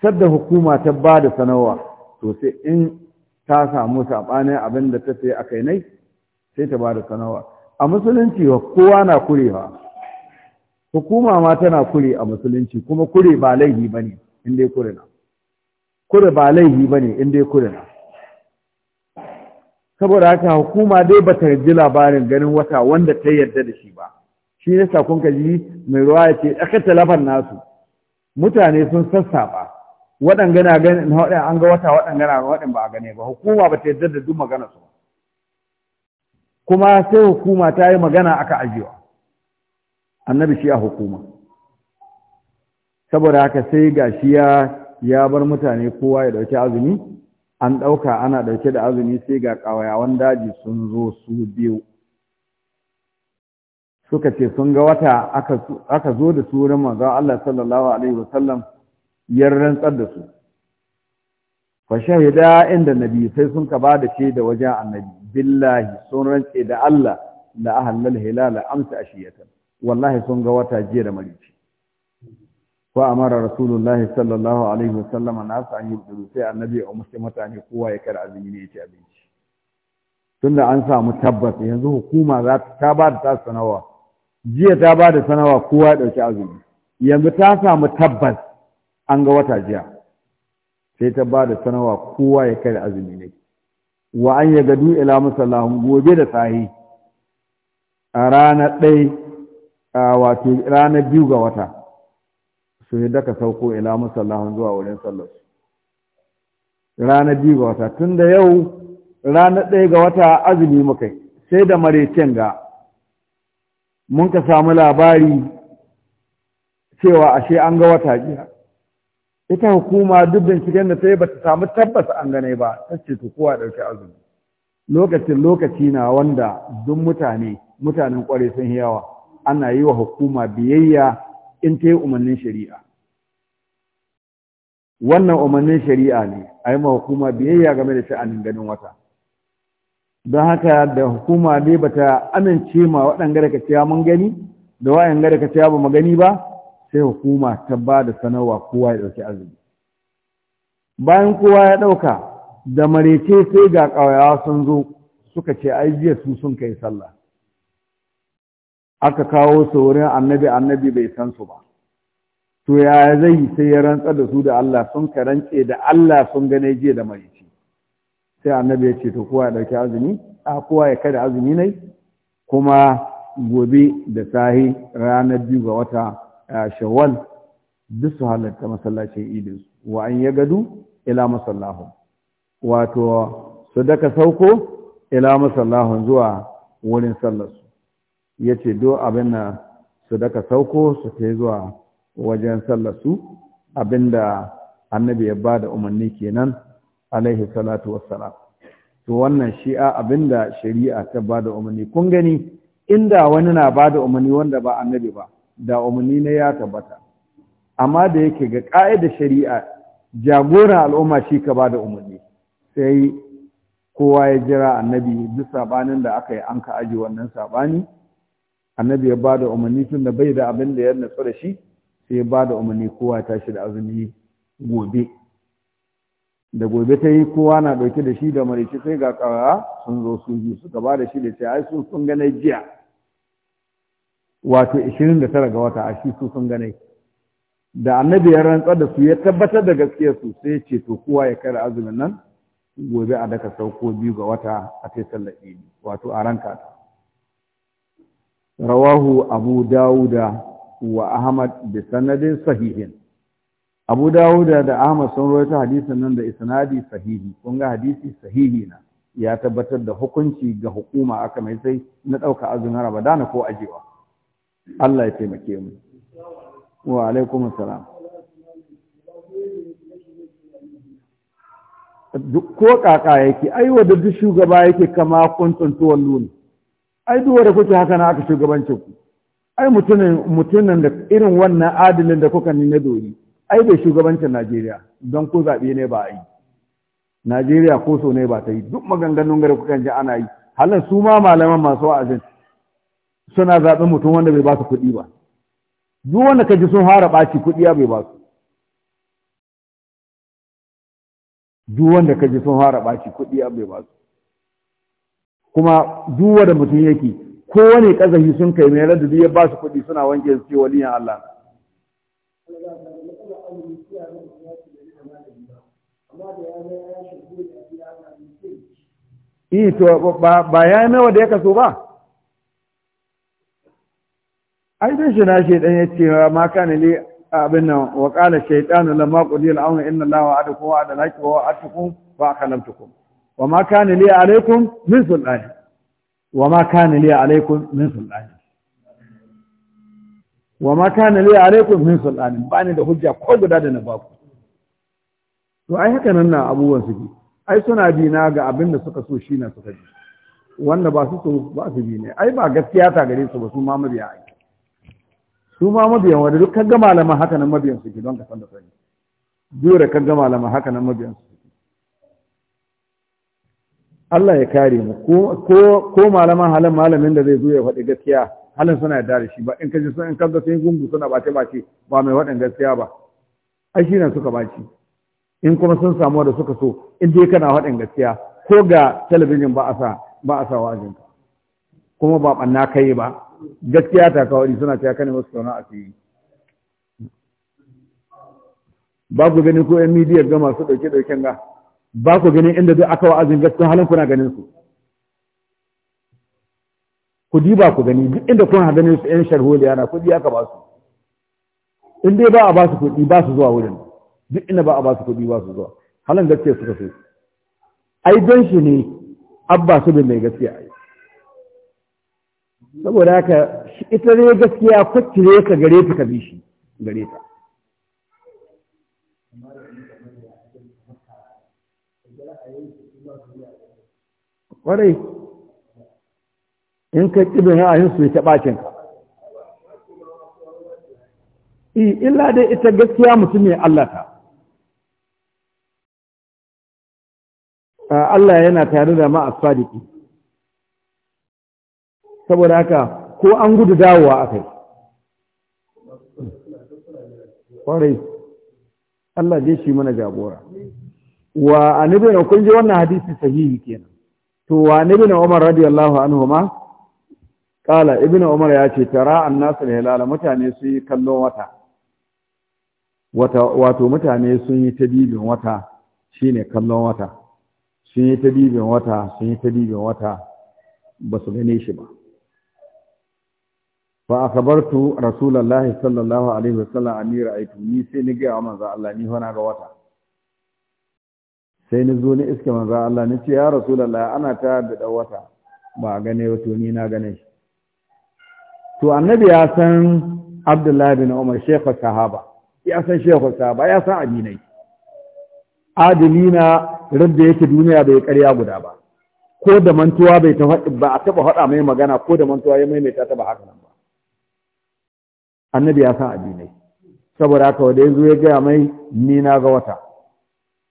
S1: sadda hukuma ta ba da sanarwa to sai in ta samu saɓanin abin da ta sai a kai nai sai ta ba da sanarwa a musulunci kowa na kurewa hukuma ma tana kure a musulunci kuma kure ba laifi ba ne in dai kure na kure ba laifi ba ne inda ya kure na saboda haka hukuma dai ba ta yi labarin ganin wata wanda ta yarda da shi ba shi ne sakon kaji mai ruwa ya ce aka talafan nasu mutane sun sassaɓa waɗanga na ganin waɗanda an ga wata waɗanda na waɗanda ba a gane ba hukuma ba ta yarda da duk magana su kuma sai hukuma ta yi magana aka ajiyewa annabi shi a hukuma saboda haka sai ga shi ya ya bar mutane kowa ya ɗauki azumi an ɗauka ana ɗauke da azumi sai ga ƙawayawan daji sun zo su biyu suka ce sun ga wata aka zo da su wurin maza, Allah sallallahu alaihi wasallam ya rantsar da su fa shahida inda nabi sai sun ka ba da shaida wajen annabi billahi sun rantse da Allah la ahlal hilal amsa ashiyatan wallahi sun ga wata jiya da marici a mara rasulullahi sallallahu alaihi wasallam na sa an yi sai annabi a musu mutane kowa ya kar azumi ne ya ci abinci tunda an samu tabbas yanzu hukuma ta ba da ta sanawa jiya ta ba sanawa kowa ya dauki azumi yanzu ta samu tabbas an ga wata jiya sai ta bada da sanawa kowa ya kar azumi ne wa an ya gadu gobe da sahi a ranar ranar biyu ga wata su yi ka sauko ila musallahun zuwa wurin sallar Rana biyu ga wata tun da yau rana ɗaya ga wata azumi muka yi sai da maraicen ga mun ka samu labari cewa ashe an ga wata jiya ita hukuma duk binciken da ta yi ba ta samu tabbas an gane ba ta ce to kowa ɗauki azumi lokacin lokaci na wanda duk mutane mutanen kwarai sun yawa ana yi wa hukuma biyayya in ta yi umarnin shari'a wannan umarnin shari'a ne a yi ma hukuma biyayya game da sha'anin ganin wata don haka da hukuma ne ba ta amince ma waɗanda da mun gani da wayan da kaciya ba mu gani ba sai hukuma ta ba da sanarwa kowa ya ɗauki azumi bayan kowa ya ɗauka da marece sai ga ƙauyawa sun zo suka ce ai jiya su sun kai sallah aka kawo su wurin annabi annabi bai san su ba to ya zai sai ya rantsar da su da Allah sun karance da Allah sun gane jiya da marici sai annabi ya ce to kowa ya dauki azumi a kowa ya kada azumi ne? kuma gobe da sahi ranar biyu ga wata shawwal duk su halatta masallacin idin wa an ya gadu ila masallahu wato su daka sauko ila masallahun zuwa wurin sallarsu ya ce do abin su daga sauko su ta zuwa wajen sallasu abin da annabi ya ba da umarni kenan alaihi salatu wassalam to wannan shi'a abin da shari'a ta ba da umarni kun gani inda wani na ba da umarni wanda ba annabi ba da umarni na ya tabbata amma da yake ga ƙa'idar shari'a jagoran al'umma shi ka ba da umarni sai kowa ya jira annabi duk sabanin da aka yi an ka aji wannan sabani annabi ya ba da umarni tun da bai da abin da ya natsu da shi sai ya ba da umarni kowa ta shi da azumi gobe da gobe ta yi kowa na ɗauke da shi da marici sai ga ƙawa sun zo su yi suka ba da shi da ce ai su sun gane jiya wato 29 ga wata a shi su sun gane da annabi ya rantsar da su ya tabbatar da gaskiyar su sai ya ce to kowa ya kai azumin nan gobe a daka sauko biyu ga wata a kai sallar wato a ranka ta rawahu abu dawuda wa ahmad bi sanadin sahihin abu dawuda da ahmad sun rawaito hadisin nan da isnadi sahihi kun ga hadisi sahihi na ya tabbatar da hukunci ga hukuma aka mai sai na ɗauka azumin ramadana ko ajewa Allah ya taimake mu wa alaikum salam ko kaka yake ai da duk shugaba yake kama kuntun nuni. ai duwa da kuke haka na aka shugabancin ku ai mutumin da irin wannan adalin da kuka na dori ai bai shugabancin Najeriya don ko zaɓe ne ba a yi Najeriya ko so ne ba ta yi duk maganganun gare kuka ji ana yi halin su ma malaman masu wa'azin suna zaɓen mutum wanda bai ba su kuɗi ba duk wanda ka ji sun fara ɓaci kuɗi ya bai ba su duk wanda ka ji sun fara ɓaci kuɗi ya bai ba su kuma duwa da mutum yake kowane kazafi sun kai mai radda ya ba su kuɗi suna wanke su ce waliyan Allah Iyi to ba ya nawa da ya kaso ba? Ai dan shi na shaidan ya ce wa maka ne abin nan wa qala shaidanu lamma al'aunin inna Allaha wa'adakum a al-haqqi wa ba kalam akhlamtukum. wa ma kana li alaikum min sultani wa ma kana li alaikum min sultani wa ma kana li alaikum min sultani ba da hujja ko guda da na baku to ai haka nan na abubuwan suke ai suna bi na ga abin da suka so shi na suka bi wanda ba su so ba su bi ne ai ba gaskiya ta gare su ba su ma mabiya ai su ma mabiya wanda duk kaga malaman haka nan mabiyan suke don ka san da sani duk da kaga malaman haka nan mabiyan suke Allah ya kare mu ko ko malaman halin malamin da zai zo ya faɗi gaskiya halin suna yarda da shi ba in kaji sun in kaza sun gungu suna bace bace ba mai waɗin gaskiya ba ai shi ne suka baci in kuma sun samu da suka so in dai kana waɗin gaskiya ko ga talabijin ba a sa ba a sa wajin ka kuma ba banna kai ba gaskiya ta kawai suna cewa kana wasu sauna a fili babu gani ko yan midiyar ga masu dauke-dauken ga ba ku ganin inda duk aka wa'azin gaskiyar halin kuna ganin su ku diba ku gani duk inda kun ganin su yan sharholiya na kuɗi aka ba su in dai ba a ba su kuɗi ba su zuwa wurin duk inda ba a ba su kuɗi ba su zuwa halin gaskiya suka so ai don shi ne abba su bin mai gaskiya ai saboda haka ita ne gaskiya kwaccire ka gare ta ka bi shi gare ta kwarai in ka ƙibin ra'ayin su ta ɓacin ka illa dai ita gaskiya mutum ya allata Allah yana tare da ma sadiki saboda haka ko an gudu dawowa a kai? kwarai Allah zai shi mana jagora wa anibin kun ji wannan hadisi sahihi kenan to wa ne umar radiyallahu anhu ma kala ibn umar ya ce tara annasu hilala mutane su yi kallon wata wato mutane sun yi tadibin wata shine kallon wata sun yi tadibin wata sun yi tadibin wata ba su gane shi ba fa akabartu rasulullahi sallallahu alaihi wasallam amira aitu ni sai ni ga manzo Allah ni hana ga wata sai ni zo ni iske manzo Allah ni ce ya rasulullah ana ta da wata ba gane wato ni na gane shi to annabi ya san Abdullahi bin Umar shekhu sahaba ya san shekhu sahaba ya san adinai adilina rabbe yake duniya bai karya guda ba ko da mantuwa bai ta ba a taba faɗa mai magana ko da mantuwa ya maimaita ta ba haka nan ba annabi ya san adinai saboda haka wanda ya zo ya gaya mai ni na ga wata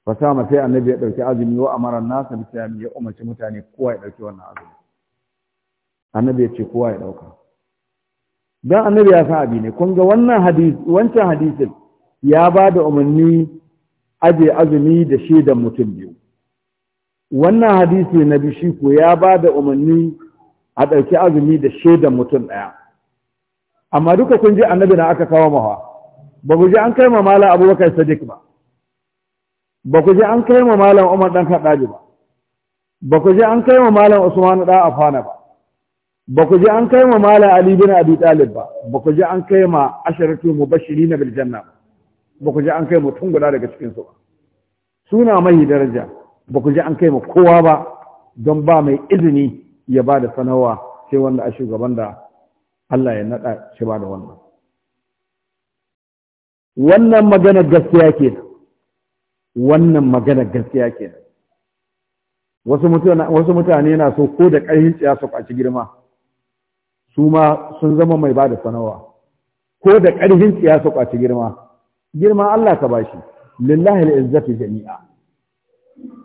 S1: fasama sai annabi ya ɗauki azumi wa amara nasa bi siyami ya umarci mutane kowa ya ɗauki wannan azumi annabi ya ce kowa ya ɗauka. dan annabi ya san abi ne kun ga wannan hadisi wancan hadisin ya ba da umarni aje azumi da shaidan mutum biyu wannan hadisi na bishi ko ya ba da umarni a ɗauki azumi da shaidan mutum ɗaya amma duka kun ji annabi na aka kawo mawa ba ku ji an kai ma mala abubakar sadiq ba ba ku je an kai ma malam Umar dan kaɗaji ba ba ku je an kai ma malam Usman da Afana ba ba ku je an kai ma malam Ali bin Abi Talib ba ba ku je an kai ma asharatu mubashirin bil janna ba ku je an kai mutum guda daga cikin su ba suna mai daraja ba ku je an kai ma kowa ba don ba mai izini ya ba da sanawa sai wanda a shugaban da Allah ya naɗa shi ba da wannan. Wannan magana gaskiya kenan. wannan magana gaskiya kenan wasu mutane wasu mutane na so ko da ƙarfin tsiya su kwaci girma su ma sun zama mai ba da sanawa ko da ƙarfin tsiya su kwaci girma girma Allah ka bashi lillahi al jami'a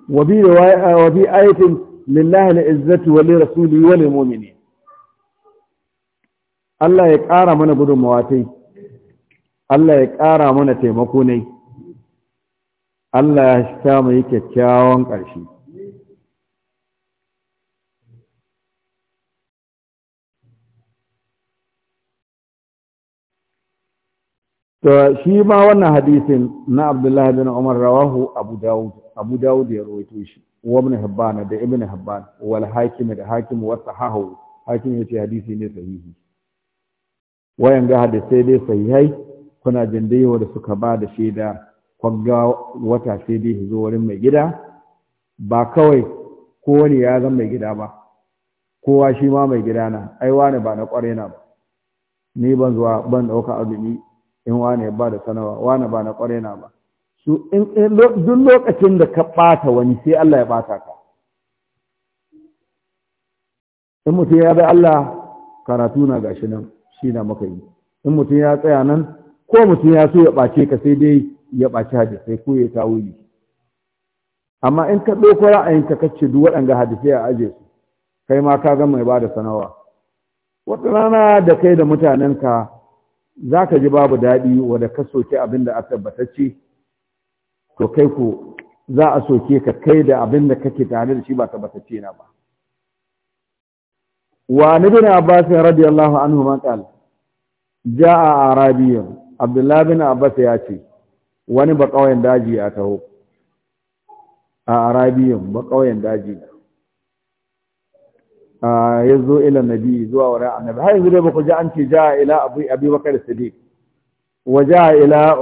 S1: wa bi wa bi ayatin lillahi al-izzatu wa li rasulihi wa lil mu'minin Allah ya ƙara mana gudunmawa tai Allah ya ƙara mana taimako ne Allah ya sha mu yi kyakkyawan ƙarshe to shi ma wannan hadisin na Abdullah bin Umar rawahu Abu Dawud Abu Dawud ya rawaito shi wa Ibn Hibban da Ibn Hibban wal Hakim da Hakim wa sahahu Hakim yace hadisi ne sahihi wayan ga hadisai dai sahihai kuna jin da suka ba da shaida kwagga wata sai dai shi zo wurin mai gida ba kawai kowane ya zama mai gida ba kowa shi ma mai gida na ai wane ba na kware na ba ni ban zuwa ban ɗauka azumi in wane ba da sanawa wane ba na kware na ba su in duk lokacin da ka ɓata wani sai Allah ya ɓata ka in mutum ya bi Allah karatu na gashi nan shi na maka yi in mutum ya tsaya nan ko mutum ya so ya bace ka sai dai ya ɓaci hadisai ko ya tawili amma in ka ɗauko ra'ayin ka ce duk waɗanda hadisai a aje su kai ma ka ga mai bada sanawa wata rana da kai da mutanenka za ka ji babu daɗi wadda ka soke abin da a tabbatacce to kai ku za a soke ka kai da abin da kake tare da shi ba tabbatacce na ba wa nabin abbas radiyallahu anhu man qala jaa arabiyyun abdullah bin abbas ya ce wani ba ƙauyen daji a taho a arabiyan ba ƙauyen daji a ya zo ila nabi zuwa wurin annabi har yanzu dai ba ku ji an ce ja ila abu abi bakar siddiq wa ja ila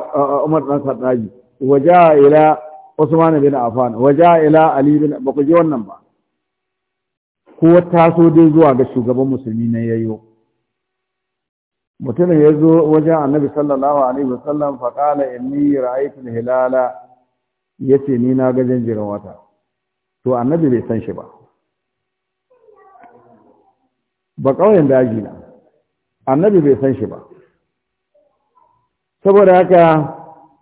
S1: umar dan khattabi wa ja ila usman bin afan wa ja ila ali bin ba ku ji wannan ba ko taso dai zuwa ga shugaban musulmi na yayyo mutum ya zo wajen annabi sallallahu alaihi wasallam faƙala inni ra'aytul hilala yace ni na ga janjirin wata to annabi bai san shi ba ba ƙauyen daji na annabi bai san shi ba saboda haka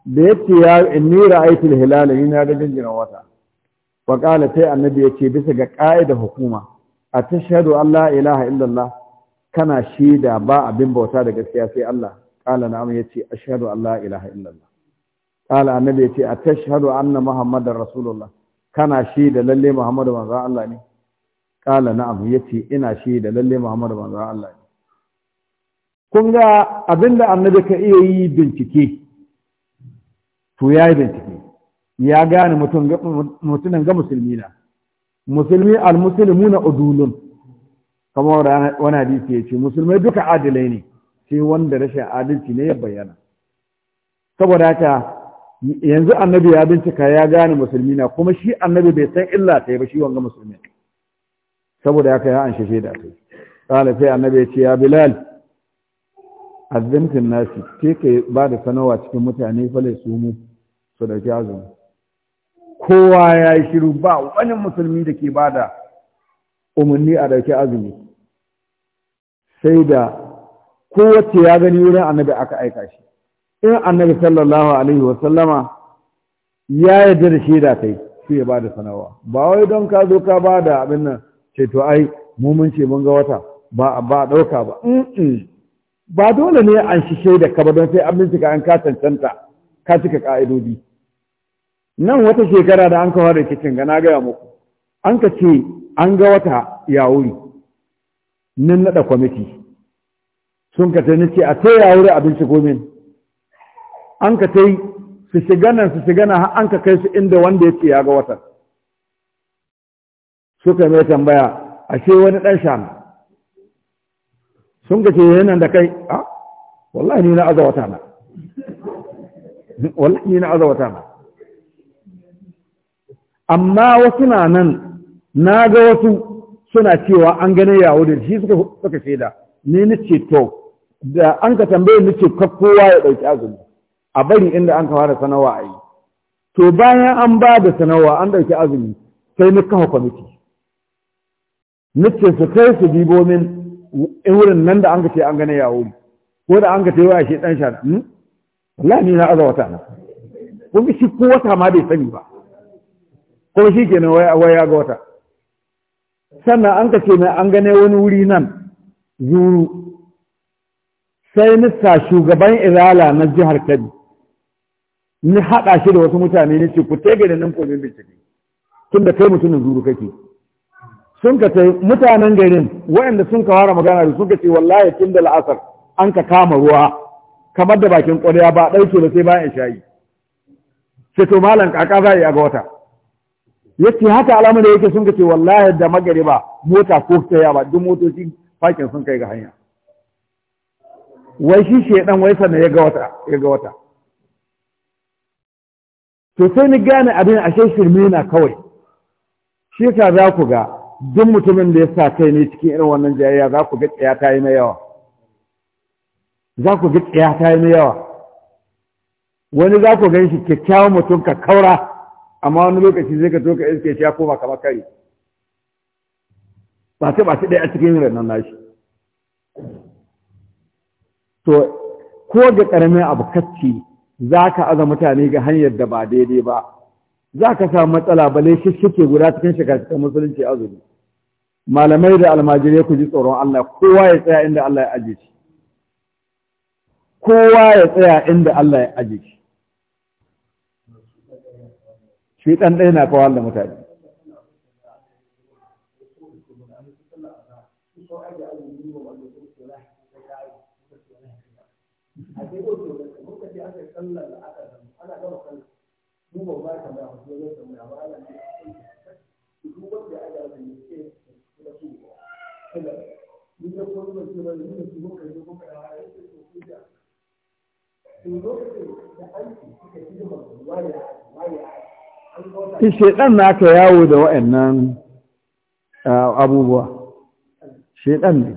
S1: da yace ya inni ra'aytul hilala ni na ga janjirin wata faƙala sai annabi yace bisa ga ƙa'idar hukuma a tashhadu an la ilaha illallah kana shaida ba abin bauta da gaskiya sai Allah qala na'am a shahadu Allah la ilaha illallah qala annabi yace atashhadu anna muhammadar rasulullah kana shaida lalle muhammadu manzo Allah ne qala na'am ce ina shaida lalle muhammadu manzo Allah ne kun ga abinda annabi ka iya yi bincike to ya yi bincike ya gane mutumin ga musulmi na musulmi al-muslimuna udulun kamar wani hadisi ya ce musulmai duka adilai ne sai wanda rashin adalci ne ya bayyana saboda haka yanzu annabi ya bincika ya gane musulmi na kuma shi annabi bai san illa ta ba shi wanga musulmi saboda haka ya anshe shaida kai tsala sai annabi ya ce ya bilal azzantin nasi ke ka ba da sanawa cikin mutane falai su mu su dauki azumi kowa ya yi shiru ba wani musulmi da ke ba da umarni a dauki azumi sai da kowace ya gani wurin annabi aka aika shi in annabi sallallahu alaihi wa sallama ya yarda da shaida kai sai ya bada sanarwa ba wai don ka zo ka bada abin nan ce to ai mu mun ce mun ga wata ba ba dauka ba ba dole ne an shi shaida ka ba don sai an ka an ka cancanta ka cika ka'idodi nan wata shekara da an kawo kicin ga na gaya muku an ka ce an ga wata ya wuri nan naɗa kwamiti sun ka tani ce a taya wuri abinci gomin an ka ta yi su shiga nan su shiga nan an ka kai su inda wanda ya ce ya ga watan suka mai tambaya ashe wani ɗan sham sun ka ce yana da kai a wallahi ni na aza wata na wallahi ni na aza wata na amma wasu na nan na ga wasu suna cewa an gane yawo da shi suka suka shaida ni ce to da an ka tambaye ni ka kowa ya dauki azumi a bari inda an ka fara sanawa a yi to bayan an ba da sanawa an dauki azumi sai ni kafa kwamiti ce su kai su dibo min wurin nan da an ka ce an gane yawo ko da an ka ce wa shi dan shana hmm? Allah ni na azawata na kun shi ko wata ma bai sani ba kuma shi kenan waya ga wata sannan an ka ce mai an gane wani wuri nan zuru sai nista shugaban irala na jihar Kadi. ni haɗa shi da wasu mutane ne ce ku tege da nan komin bincike tun da kai mutumin zuru kake sun ka ce mutanen garin waɗanda sun ka fara magana da sun ka ce wallahi tun da la'asar an ka kama ruwa kamar da bakin ƙwarya ba ɗauke da sai bayan shayi sai to malam kaka za a yi a ga wata yace haka alamun da yake sun kace wallahi da ba mota ko ya ba duk motoci fakin sun kai ga hanya wai shi shedan wai sannan ya ga wata ya ga wata to sai ni gane abin ashe shirme na kawai shi ka za ku ga duk mutumin da ya sa kai ne cikin irin wannan jayayya za ku ga tsaya ta yi na yawa za ku ga tsaya ta yi na yawa wani za ku gan shi kyakkyawan mutum ka kaura amma wani lokaci zai ka toka iske shi ya koma kama kare ba ta ba ta ɗaya a cikin rannan nashi to ko ga ƙaramin abu kacci za ka aza mutane ga hanyar da ba daidai ba za ka samu matsala balai shishike guda cikin shekarar musulunci azumi malamai da almajirai ku ji tsoron Allah kowa ya tsaya inda Allah ya ajiye shi kowa ya tsaya inda Allah ya shi shi ɗan ɗaya na kawar da mutane Thank you. na ka yawo da wa'annan abubuwa shaiɗan ne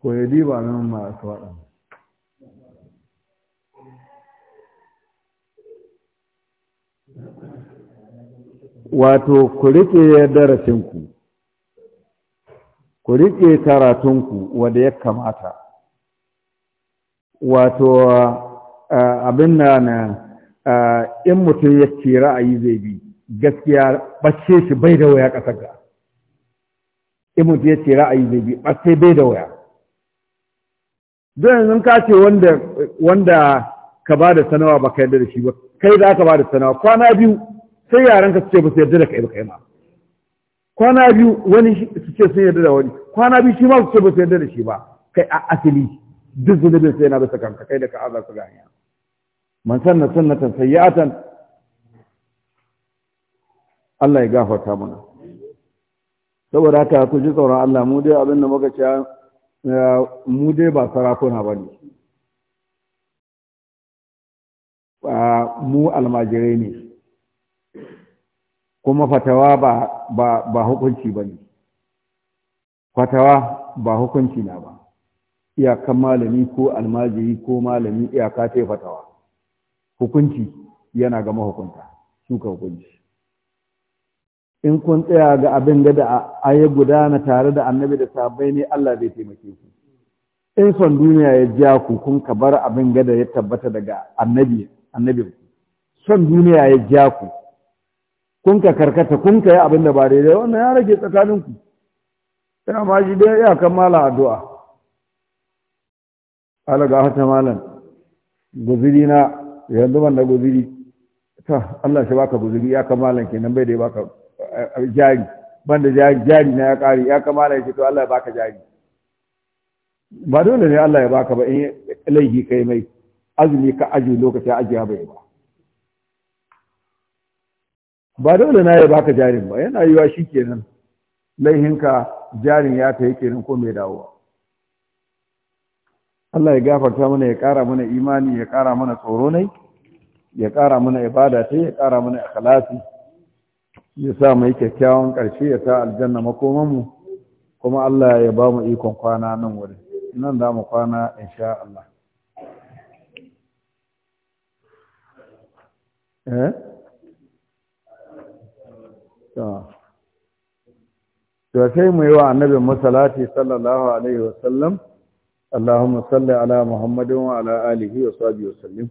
S1: ko ya diba nan masu waɗanda wato ku riƙe darasinku ku riƙe karatunku wanda ya kamata wato abin na Eh, in mutum ya ce ra'ayi zai bi gaskiya bace shi bai da waya ƙasar ga in mutum ya ce ra'ayi zai bi bace bai da waya don yanzu ka ce wanda ka ba da sanawa ba ka yarda da shi ba kai za ka ba da sanawa kwana biyu sai yaran ka su ce ba su yarda da kai ba kai ma kwana biyu wani su ce sun yarda da wani kwana biyu shi ma su ce ba su yarda da shi ba kai a asali duk zunubin sai na bisa kanka kai da ka Allah su ganiya man sanna sunnatan sayyi'atan Allah ya gafarta mana saboda haka ku ji tsoron Allah mu dai abin da muka ce mu dai ba sarakuna bane mu almajirai ne kuma fatawa ba ba ba hukunci bane fatawa ba hukunci na ba iyakan malami ko almajiri ko malami iyaka ce fatawa hukunci yana ga mahukunta suka hukunci in kun tsaya ga abin da a ya gudana tare da annabi da sabai ne Allah zai taimake ku in son duniya ya ja ku kun ka bar abin gada ya tabbata daga annabi annabi son duniya ya ja ku kun ka karkata kun ka yi abin da ba daidai wannan ya rage tsakaninku ina ma ji dai ya mala addu'a ga hata malam guzuri na yanzu ban da guziri ta Allah shi baka guziri ya ke kenan bai da baka eh, jari ban da jari na ya kare ya kamala ya ce to Allah ya baka jari ba dole ne Allah ya baka ba in laifi kai mai azumi ka aji lokacin ajiya bai ba ba dole na ya baka jarin ba yana yiwa shi kenan laihinka jarin ya ta yi kenan ko mai dawowa Allah ya gafarta mana ya ƙara mana imani ya ƙara mana tsoro ya ƙara mana ibada ta ya ƙara mana ikhlasi ya sa mai kyakkyawan ƙarshe ya sa aljanna makomanmu kuma Allah ya ba mu ikon kwana nan wuri nan za mu kwana insha Allah eh to sai mu yi wa annabin masalati sallallahu alaihi wasallam Allahumma salli ala Muhammadin wa ala alihi wa sahbihi wa sallim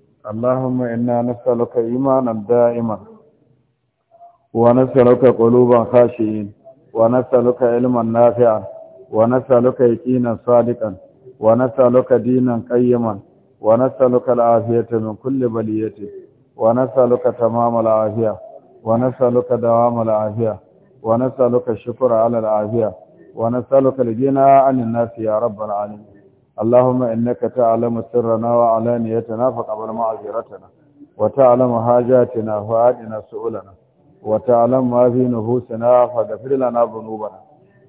S1: اللهم إنا نسألك إيمانا دائما ونسألك قلوبا خاشئين ونسألك علما نافعا ونسألك يكينا صادقا ونسألك دينا قيما ونسألك العافية من كل بلية ونسألك تمام العافية ونسألك دوام العافية ونسألك الشكر على العافية ونسألك الجنى عن الناس يا رب العالمين اللهم إنك تعلم سرنا وعلانيتنا فقبل معذرتنا وتعلم حاجاتنا وآدنا سؤلنا وتعلم ما في نفوسنا فاغفر لنا ذنوبنا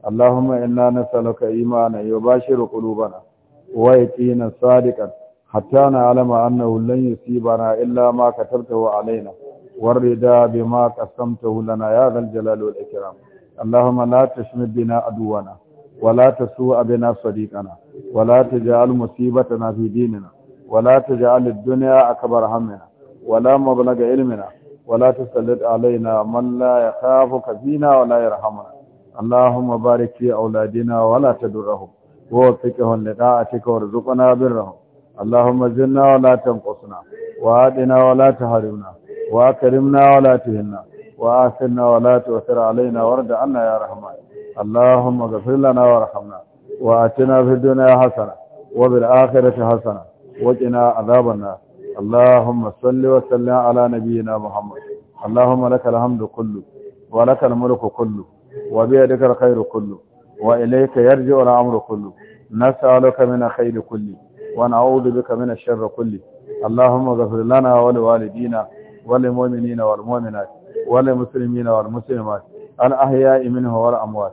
S1: اللهم إنا نسألك إيمانا يباشر قلوبنا ويقينا صادقا حتى نعلم أنه لن يصيبنا إلا ما كتبته علينا والرضا بما قسمته لنا يا ذا الجلال والإكرام اللهم لا تشمت بنا عدونا ولا تسوء بنا صديقنا wala ta ja musibata na fi dinina wala ta ja al-dunya akbar hammina wala mablaga ilmina wala ta sallat alaina man la yakhafu kadina wala yarhamuna allahumma barik fi auladina wala tadurahu wa fikhun lada atika warzuqna birrahum allahumma zinna wala tanqusna wa adina wala tahrimna wa karimna wala tuhinna wa asirna wala tuasir alaina warda Allah ya rahman allahumma ghafir lana warhamna وآتنا في الدنيا حسنة وفي الآخرة حسنة وقنا عذاب النار اللهم صل وسلم على نبينا محمد اللهم لك الحمد كله ولك الملك كله وبيدك الخير كله وإليك يرجع الأمر كله نسألك من خير كله ونعوذ بك من الشر كله اللهم اغفر لنا ولوالدينا وللمؤمنين والمؤمنات وللمسلمين والمسلمات الأحياء منه والأموات